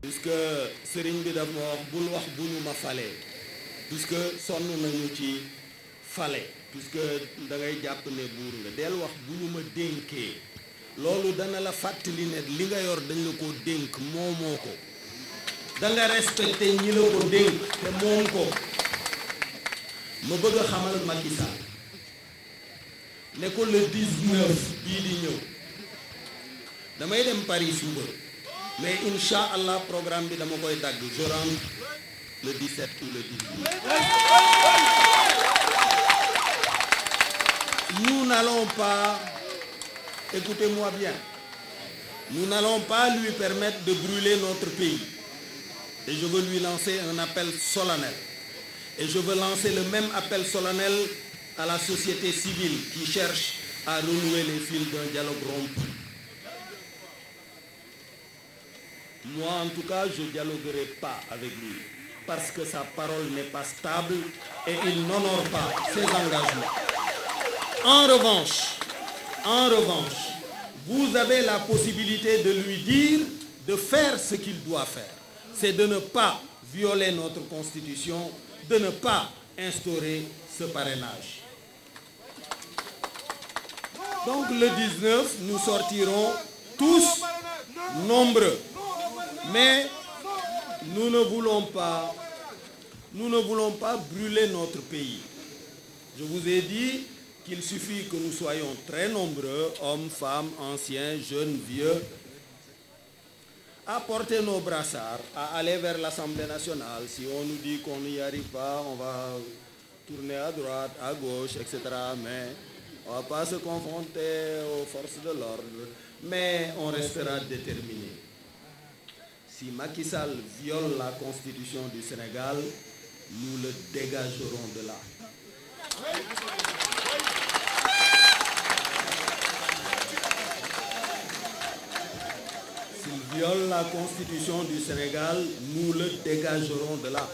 puisque sëriñ bi daf ma wax bul wax bu ñu ma fale puisque sonn nañu ci fale puisque da jàpp ne buur nga del wax bu ñu ma dénkee loolu dana la fàttali ne li nga yor dañ la ko dénk moomoo ko da nga ñi la ko dénk te moom ko ma bëgg xamal Macky Sall ne le 19 bi li ñëw damay dem Paris mais Inch'Allah, allah programme bi dama koy je rentre le 17 ou le 18. nous n'allons pas écoutez-moi bien nous n'allons pas lui permettre de brûler notre pays et je veux lui lancer un appel solennel et je veux lancer le même appel solennel à la société civile qui cherche à renouer les fils d'un dialogue rompu. Moi, en tout cas, je ne dialoguerai pas avec lui parce que sa parole n'est pas stable et il n'honore pas ses engagements. En revanche, en revanche, vous avez la possibilité de lui dire de faire ce qu'il doit faire. C'est de ne pas violer notre constitution, de ne pas instaurer ce parrainage. Donc le 19, nous sortirons tous nombreux. Mais nous ne voulons pas, nous ne voulons pas brûler notre pays. Je vous ai dit qu'il suffit que nous soyons très nombreux, hommes, femmes, anciens, jeunes, vieux, à porter nos brassards, à aller vers l'Assemblée nationale. Si on nous dit qu'on n'y arrive pas, on va tourner à droite, à gauche, etc. Mais on ne va pas se confronter aux forces de l'ordre. Mais on restera déterminé. Si Macky Sall viole la constitution du Sénégal, nous le dégagerons de là. viole la constitution du Sénégal, nous le dégagerons de là.